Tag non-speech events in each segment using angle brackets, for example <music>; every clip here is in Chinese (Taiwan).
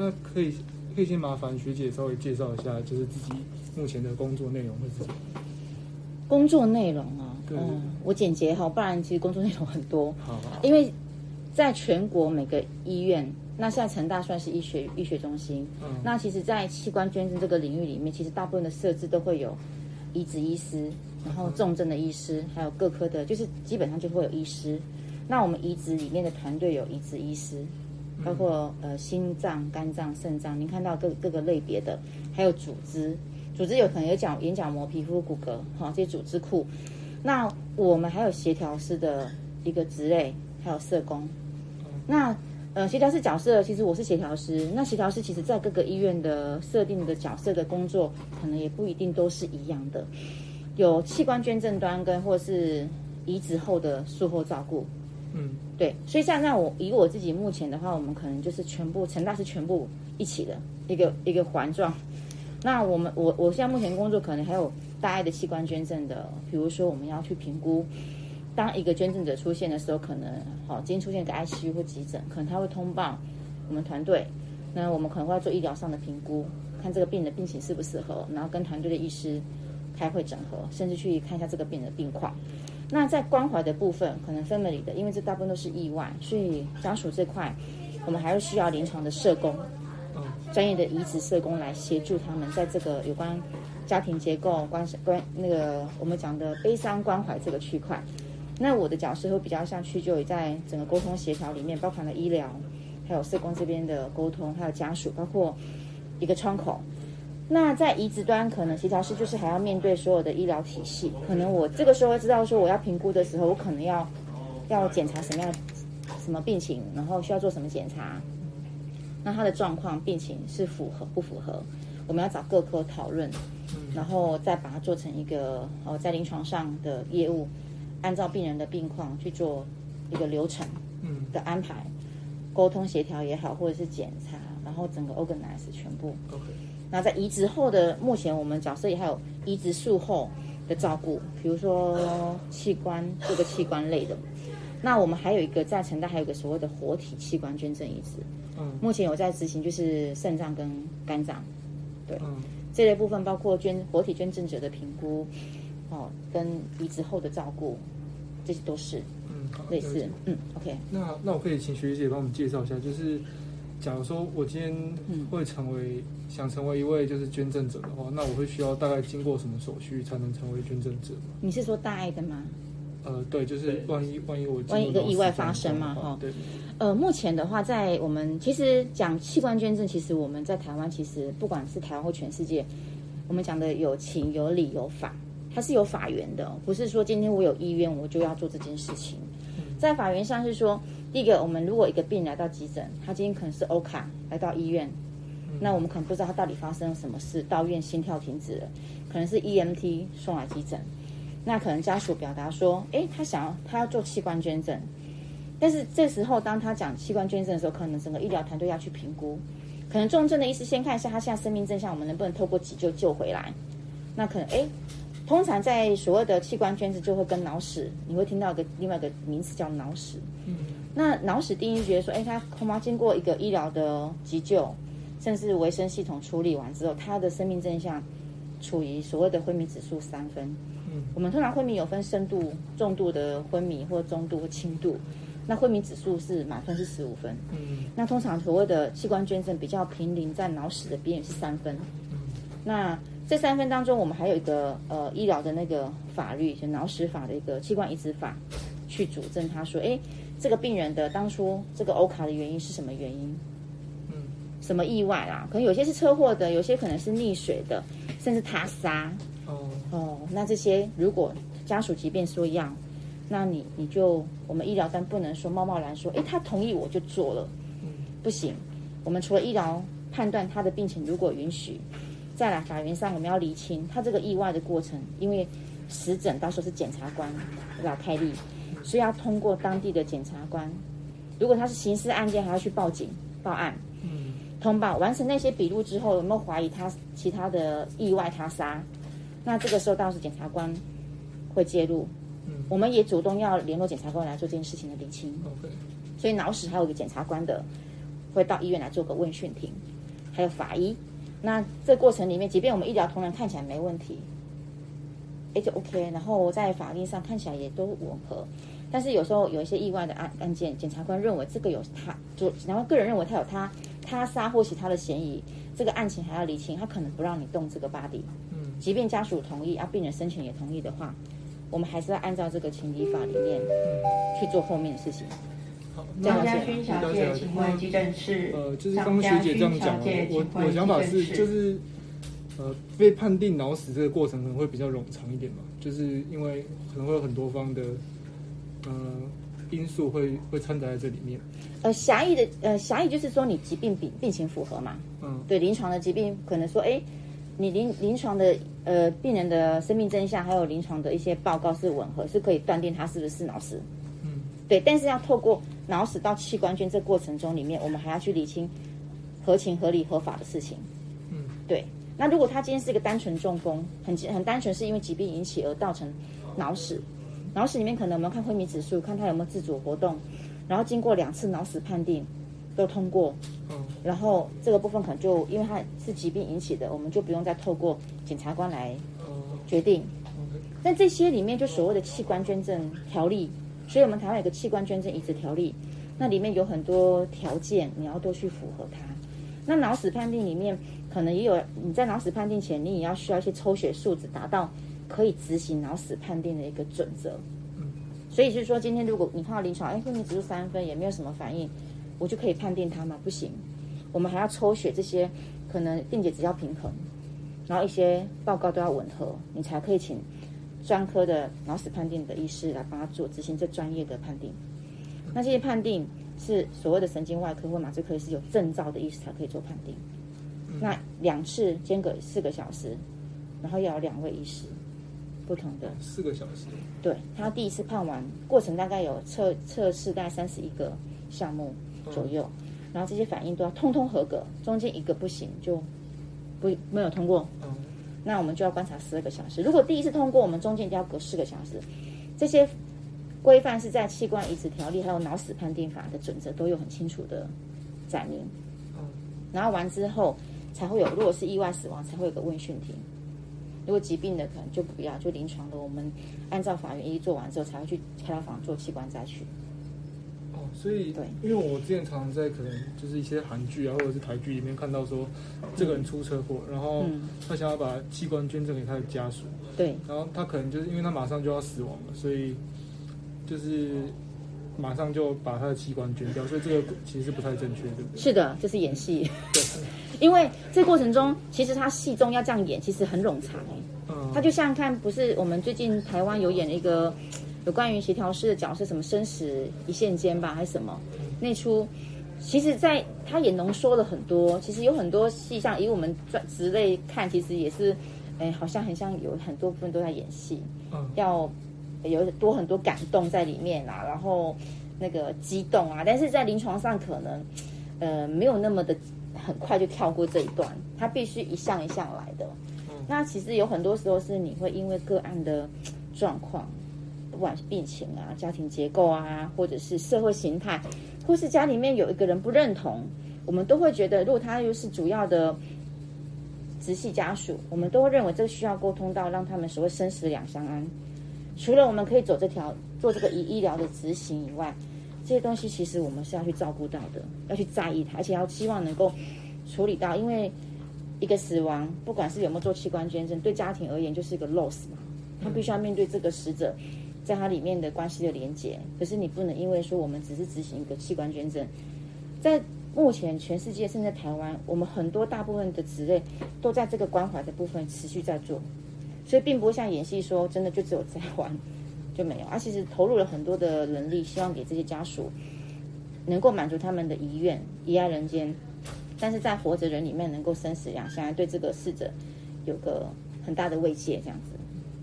那可以可以先麻煩學姐稍微介紹一下，就是自己目前的工作內容會怎樣？工作內容啊，對、嗯，我簡潔哈，不然其實工作內容很多。好，好，因為在全國每個醫院，那現在成大算是醫學醫學中心，嗯，那其實，在器官捐贈這個領域裡面，其實大部分的設置都會有移植醫師，然後重症的醫師，嗯、還有各科的，就是基本上就會有醫師。那我們移植裡面的團隊有移植醫師。包括呃心臟、肝臟、腎臟，您看到各各個類別的，還有組織，組織有可能有角眼角膜、皮膚、骨骼，哈、哦，這些組織庫。那我們還有協調師的一個職類，還有社工。那呃，協調師角色，其實我是協調師。那協調師其實在各個醫院的設定的角色的工作，可能也不一定都是一樣的。有器官捐贈端跟或者是移植後的術後照顧。嗯，對，所以像那我以我自己目前的話，我們可能就是全部，成大是全部一起的一個一個環狀。那我們我我現在目前工作可能還有大愛的器官捐贈的，比如說我們要去評估，當一個捐贈者出現的時候，可能好、哦、今天出現一個 ICU 或急診，可能他會通報我們團隊，那我們可能會要做醫療上的評估，看這個病的病情適不適合，然後跟團隊的醫師開會整合，甚至去看一下這個病的病況。那在關懷的部分，可能分了你的，因為這大部分都是意外，所以家屬這塊，我們還是需要臨床的社工，專業的移植社工來協助他們在這個有關家庭結構、關、關那個我們講的悲傷關懷這個區塊。那我的角色會比較像去就在整個溝通協調裡面，包含了醫療，還有社工這邊的溝通，還有家屬，包括一個窗口。那在移植端，可能協調師就是還要面對所有的醫療體系。可能我這個時候知道說我要評估的時候，我可能要要檢查什麼樣的什麼病情，然後需要做什麼檢查。那他的狀況病情是符合不符合？我們要找各科討論，然後再把它做成一個哦，在臨床上的業務，按照病人的病況去做一個流程的安排，溝通協調也好，或者是檢查，然後整個 organize 全部。那在移植後的目前，我們假設也還有移植術後，的照顧，比如說器官各、這個器官類的。那我們還有一個在成大，還有一個所謂的活體器官捐贈移植，嗯，目前有在執行，就是腎臟跟肝臟，對，嗯、這類部分包括捐活體捐贈者的評估，哦，跟移植後的照顧，這些都是，嗯，類似，了解，嗯，OK。那那我可以請學姐幫我們介紹一下，就是。假如說我今天會成為、嗯、想成為一位就是捐贈者的話，那我會需要大概經過什麼手續才能成為捐贈者？你是說大愛的嗎？呃，對，就是萬一萬一我對萬一一個意外發生嘛，哈對。呃，目前的話，在我們其實講器官捐贈，其實我們在台灣，其實不管是台灣或全世界，我們講的有情有理有法，它是有法源的，不是說今天我有意願我就要做這件事情。在法源上是說。第一個，我們如果一個病來到急診，他今天可能是 OHCA 來到醫院，那我們可能不知道他到底發生了什麼事，到醫院心跳停止了，可能是 EMT 送來急診，那可能家屬表達說，誒、欸，他想要他要做器官捐贈，但是這時候當他講器官捐贈的時候，可能整個醫療團隊要去評估，可能重症的意思先看一下他現在生命徵象，我們能不能透過急救救回來？那可能哎、欸，通常在所謂的器官捐贈就會跟腦死，你會聽到一個另外一個名詞叫腦死，嗯。那腦死定義，覺得說，哎、欸，他恐怕經過一個醫療的急救，甚至維生系統處理完之後，他的生命徵象處於所謂的昏迷指數三分。嗯，我們通常昏迷有分深度、重度的昏迷，或中度、輕度。那昏迷指數是滿分是十五分。嗯，那通常所謂的器官捐贈比較瀕臨在腦死的邊緣是三分。那這三分當中，我們還有一個呃醫療的那個法律，就腦死法的一個器官移植法，去主證他說，哎、欸。這個病人的當初這個 OHCA 的原因是什麼原因？嗯，什麼意外啦、啊？可能有些是車禍的，有些可能是溺水的，甚至他殺。哦哦，那這些如果家屬即便說要，那你你就我們醫療單不能說貿貿然說，哎、欸，他同意我就做了。嗯，不行，我們除了醫療判斷他的病情如果允許，再來法院上我們要釐清他這個意外的過程，因為死診到時候是檢察官來開立所以要通過當地的檢察官，如果他是刑事案件，還要去報警報案，嗯，通報完成那些筆錄之後，有沒有懷疑他其他的意外他殺？那這個時候倒是檢察官會介入，嗯，我們也主動要聯絡檢察官來做這件事情的釐清。所以腦死還有個檢察官的會到醫院來做個問訊庭，還有法醫。那這過程裡面，即便我們醫療同仁看起來沒問題。哎，就 OK，然後在法律上看起來也都吻合，但是有時候有一些意外的案案件，檢察官認為這個有他，就然後個人認為他有他他殺或其他的嫌疑，這個案情還要理清，他可能不讓你動這個 body，嗯，即便家屬同意啊，病人申請也同意的話，我們還是要按照這個情理法裡面去做後面的事情。好，馬家勳小姐，小姐請問急診室？呃，就是剛學姐這樣講，我我想法是就是。呃，被判定腦死這個過程可能會比較冗長一點嘛，就是因為可能會有很多方的呃因素會會摻雜在這裡面。呃，狹義的呃狹義就是說你疾病比病情符合嘛，嗯，對，臨床的疾病可能說，哎，你臨臨床的呃病人的生命徵象還有臨床的一些報告是吻合，是可以斷定他是不是腦死，嗯，對。但是要透過腦死到器官捐這過程中裡面，我們還要去釐清合情合理合法的事情，嗯，對。那如果他今天是一個單純中風，很很單純是因為疾病引起而造成腦死，腦死裡面可能我們看昏迷指數，看他有沒有自主活動，然後經過兩次腦死判定都通過，然後這個部分可能就因為他是疾病引起的，我們就不用再透過檢察官來決定。那這些裡面就所謂的器官捐贈條例，所以我們台灣有個器官捐贈移植條例，那裡面有很多條件，你要多去符合它。那腦死判定裡面。可能也有你在腦死判定前，你也要需要一些抽血數值達到可以執行腦死判定的一個準則。所以就是說，今天如果你看到臨床，哎，昏迷指數三分也沒有什麼反應，我就可以判定他嗎？不行，我們還要抽血，這些可能電解質要平衡，然後一些報告都要吻合，你才可以請專科的腦死判定的醫師來幫他做執行這專業的判定。那這些判定是所謂的神經外科或麻醉科是有證照的醫師才可以做判定。那兩次間隔四個小時，然後要有兩位醫師不同的四個小時，對，他第一次判完過程大概有測測試大概三十一個項目左右，嗯、然後這些反應都要通通合格，中間一個不行就不沒有通過。嗯、那我們就要觀察十二個小時。如果第一次通過，我們中間就要隔四個小時。這些規範是在器官移植條例還有腦死判定法的準則都有很清楚的載明。嗯，然後完之後。才會有，如果是意外死亡，才會有個問訊庭；如果疾病的可能就不要，就臨床的，我們按照法院一做完之後，才會去開刀房做器官摘取。哦，所以對，因為我之前常常在可能就是一些韓劇啊，或者是台劇裡面看到說，這個人出車禍，嗯、然後他想要把器官捐贈給他的家屬，對、嗯，然後他可能就是因為他馬上就要死亡了，所以就是。嗯馬上就把他的器官捐掉，所以這個其實是不太正確，對不對？是的，就是演戲。對， <laughs> 因為這過程中，其實他戲中要這樣演，其實很冗長。哦、嗯，他就像看不是我們最近台灣有演一個有關於協調師的角色，什麼生死一線間吧，還是什麼、嗯、那出？其實，在他也濃縮了很多。其實有很多戲像以我們專職類看，其實也是，哎、欸，好像很像有很多部分都在演戲，嗯、要。有多很多感動在裡面啦、啊，然後那個激動啊，但是在臨床上可能，呃，沒有那麼的很快就跳過這一段，他必須一項一項來的。那其實有很多時候是你會因為個案的狀況，不管是病情啊、家庭結構啊，或者是社會形態，或是家裡面有一個人不認同，我們都會覺得，如果他又是主要的直系家屬，我們都會認為這個需要溝通到，讓他們所謂生死兩相安。除了我們可以走這條做這個以醫療的執行以外，這些東西其實我們是要去照顧到的，要去在意它，而且要希望能夠處理到。因為一個死亡，不管是有沒有做器官捐贈，對家庭而言就是一個 loss 嘛，他必須要面對這個死者在他裡面的關係的連結。可是你不能因為說我們只是執行一個器官捐贈，在目前全世界，甚至台灣，我們很多大部分的職類都在這個關懷的部分持續在做。所以並不會像演戲說，真的就只有在玩，就沒有、啊。而，其實投入了很多的能力，希望給這些家屬能夠滿足他們的遺願，遺愛人間。但是在活着人裡面能夠生死兩相安，對這個逝者有個很大的慰藉，這樣子。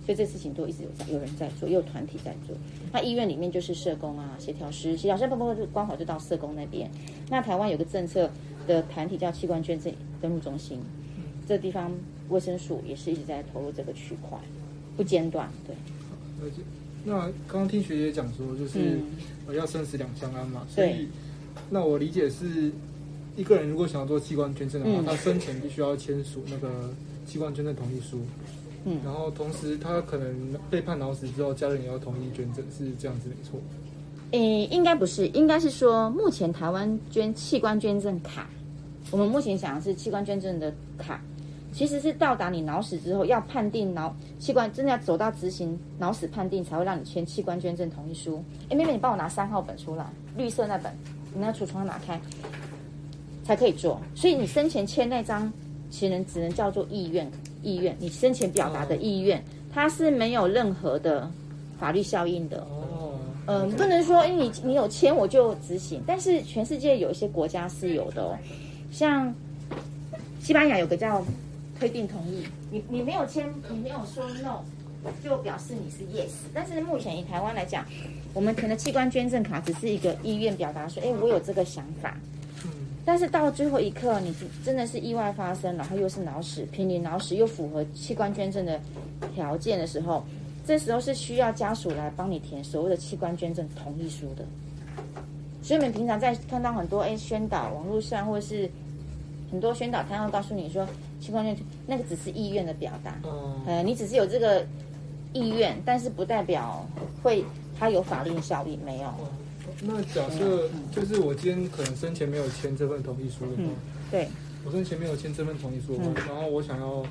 所以這事情都一直有在，有人在做，也有團體在做。那醫院裡面就是社工啊、協調師，其實有時候不不就剛好就到社工那邊。那台灣有個政策的團體叫器官捐贈登錄中心。這地方衛生署也是一直在投入這個區塊，不間斷，對。那剛剛聽學姐講說，就是呃要生死兩相安嘛，嗯、所以對那我理解是一個人如果想要做器官捐贈的話，嗯、他生前必須要簽署那個器官捐贈同意書。嗯，然後同時他可能被判腦死之後，家人也要同意捐贈，是這樣子沒錯。誒、嗯，應該不是，應該是說目前台灣捐器官捐贈卡，我們目前想的是器官捐贈的卡。其實是到達你腦死之後，要判定腦器官真的要走到執行腦死判定才會讓你簽器官捐贈同意書。哎，妹妹，你幫我拿三號本出來，綠色那本，你那櫥窗要拿開，才可以做。所以你生前簽那張，其實只能叫做意願意願，你生前表達的意願，它是沒有任何的法律效應的。哦，嗯、呃，不能說誒，你你有簽我就執行，但是全世界有一些國家是有的哦，像西班牙有個叫。推定同意，你你沒有簽，你沒有說 no，就表示你是 yes。但是目前以台灣來講，我們填的器官捐贈卡只是一個意願表達說，哎、欸，我有這個想法。但是到最後一刻，你真的是意外發生了，然後又是腦死，瀕臨腦死又符合器官捐贈的條件的時候，這時候是需要家屬來幫你填所謂的器官捐贈同意書的。所以你們平常在看到很多哎、欸、宣導，網絡上或是。很多宣導他要告訴你說，器官捐獻那個只是意願的表達，嗯、呃，你只是有這個意願，但是不代表會它有法律效力，沒有。那假設就是我今天可能生前沒有簽這份同意書的話、嗯，對，我生前沒有簽這份同意書，然後我想要，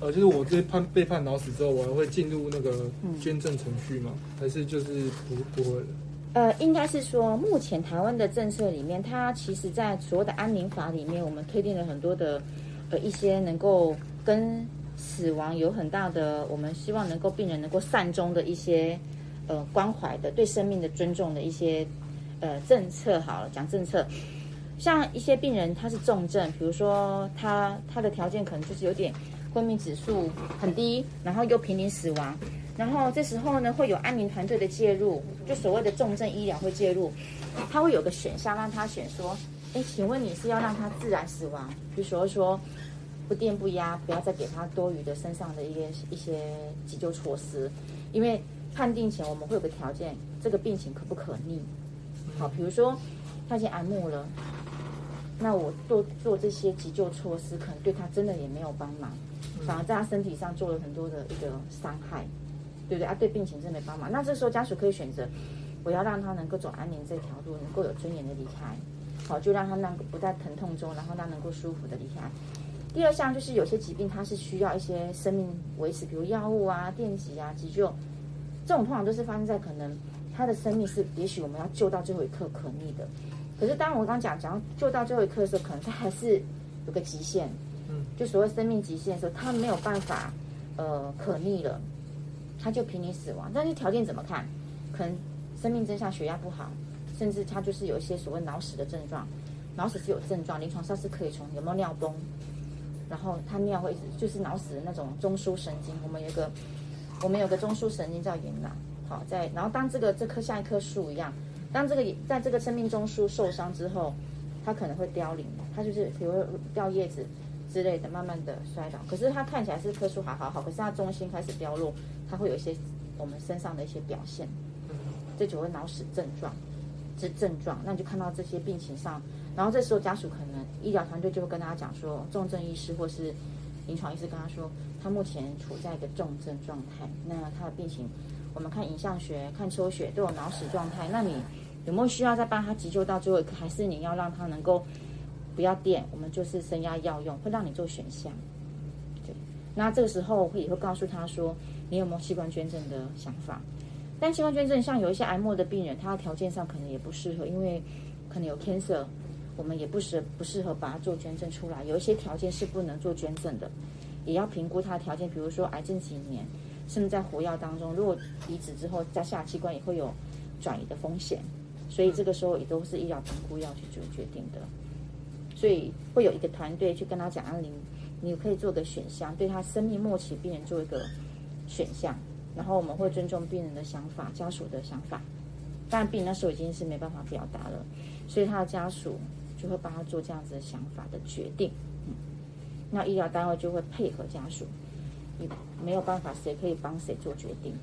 呃，就是我被判被判腦死之後，我還會進入那個捐贈程序嗎？還是就是不不會？呃，應該是說，目前台灣的政策裡面，它其實，在所謂的安寧法裡面，我們推定了很多的，呃，一些能夠跟死亡有很大的，我們希望能夠病人能夠善終的一些，呃，關懷的，對生命的尊重的一些，呃，政策。好了，講政策，像一些病人他是重症，比如說他他的條件可能就是有點昏迷指數很低，然後又瀕臨死亡。然後這時候呢，會有安寧團隊的介入，就所謂的重症醫療會介入，他會有個選項讓他選，說：“哎，請問你是要讓他自然死亡？就比如說，說不電不壓，不要再給他多餘的身上的一些一些急救措施，因為判定前我們會有個條件，這個病情可不可逆？好，比如說他已經安慕癌末了，那我做做這些急救措施，可能對他真的也沒有幫忙，反而在他身體上做了很多的一個傷害。”對不對啊？對病情真沒幫忙。那這時候家屬可以選擇，我要讓他能夠走安寧這條路，能夠有尊嚴的離開，好，就讓他能夠不在疼痛中，然後他能夠舒服的離開。第二項就是有些疾病它是需要一些生命維持，比如藥物啊、電擊啊、急救。這種通常都是發生在可能他的生命是也許我們要救到最後一刻可逆的，可是當我剛剛講講到救到最後一刻的時候，可能他還是有個極限，嗯，就所謂生命極限的時候，他沒有辦法呃可逆了。他就瀕臨死亡，但是條件怎麼看？可能生命徵象，血壓不好，甚至他就是有一些所謂腦死的症狀。腦死是有症狀，臨床上是可以從有沒有尿崩，然後他尿會就是腦死的那種中樞神經。我們有個我們有個中樞神經叫延腦，好，在然後當這個這棵像一棵樹一樣，當這個在這個生命中樞受傷之後，它可能會凋零，它就是比如掉葉子。之類的，慢慢的衰老，可是它看起來是棵樹，還好好，可是它中心開始凋落，它會有一些我們身上的一些表現，這就會腦死症狀，這症狀，那你就看到這些病情上，然後這時候家屬可能醫療團隊就會跟大家講說，重症醫師或是臨床醫師跟他說，他目前處在一個重症狀態，那他的病情，我們看影像學、看抽血都有腦死狀態，那你有沒有需要再幫他急救到最後一刻，還是你要讓他能夠？不要電，我們就是升壓藥用，會讓你做選項。對，那這個時候會也會告訴他說，你有沒有器官捐贈的想法？但器官捐贈，像有一些癌末的病人，他的條件上可能也不適合，因為可能有 cancer，我們也不適不適合把它做捐贈出來。有一些條件是不能做捐贈的，也要評估他的條件，比如說癌症幾年，甚至在活藥當中，如果移植之後在下器官也會有轉移的風險，所以這個時候也都是醫療評估要去做決定的。對，所以會有一個團隊去跟他講，安寧，你可以做個選項，對他生命末期病人做一個選項，然後我們會尊重病人的想法、家屬的想法，但病人那時候已經是沒辦法表達了，所以他的家屬就會幫他做這樣子的想法的決定。嗯，那醫療單位就會配合家屬，你沒有辦法，誰可以幫誰做決定。